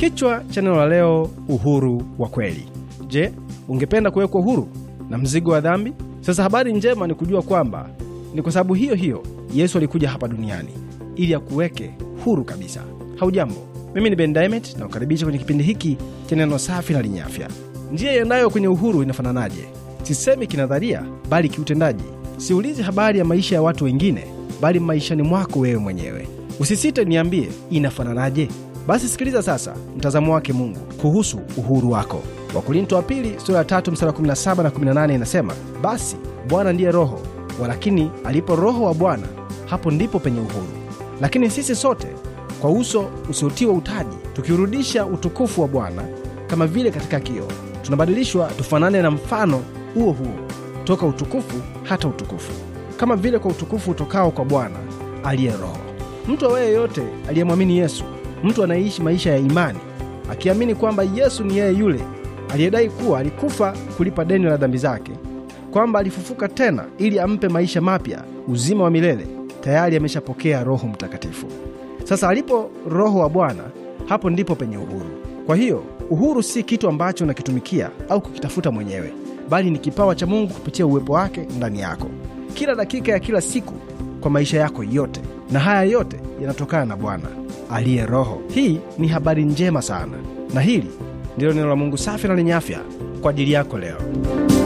Kichwa cha neno la leo, uhuru wa kweli. Je, ungependa kuwekwa uhuru na mzigo wa dhambi? Sasa habari njema ni kujua kwamba ni kwa sababu hiyo hiyo Yesu alikuja hapa duniani ili akuweke huru kabisa. Haujambo, mimi ni Ben Diamond na kukaribisha kwenye kipindi hiki cha neno safi na lenye afya. Njia iendayo kwenye uhuru inafananaje? Sisemi kinadharia, bali kiutendaji. Siulizi habari ya maisha ya watu wengine, bali maishani mwako wewe mwenyewe. Usisite niambie, inafananaje? Basi sikiliza sasa mtazamo wake Mungu kuhusu uhuru wako. Wakorinto wa pili sura ya 3 mstari 17 na 18 inasema, basi Bwana ndiye Roho, walakini alipo Roho wa Bwana hapo ndipo penye uhuru. Lakini sisi sote kwa uso usiotiwa utaji, tukiurudisha utukufu wa Bwana kama vile katika kio tunabadilishwa tufanane na mfano huo huo toka utukufu hata utukufu, kama vile kwa utukufu utokao kwa Bwana aliye Roho. Mtu awaye yeyote aliyemwamini Yesu mtu anayeishi maisha ya imani akiamini kwamba Yesu ni yeye yule aliyedai kuwa alikufa kulipa deni la dhambi zake, kwamba alifufuka tena ili ampe maisha mapya, uzima wa milele. Tayari ameshapokea Roho Mtakatifu. Sasa alipo Roho wa Bwana, hapo ndipo penye uhuru. Kwa hiyo uhuru si kitu ambacho unakitumikia au kukitafuta mwenyewe, bali ni kipawa cha Mungu kupitia uwepo wake ndani yako kila dakika ya kila siku kwa maisha yako yote, na haya yote yanatokana na Bwana aliye Roho. Hii ni habari njema sana, na hili ndilo neno la Mungu safi na lenye afya kwa ajili yako leo.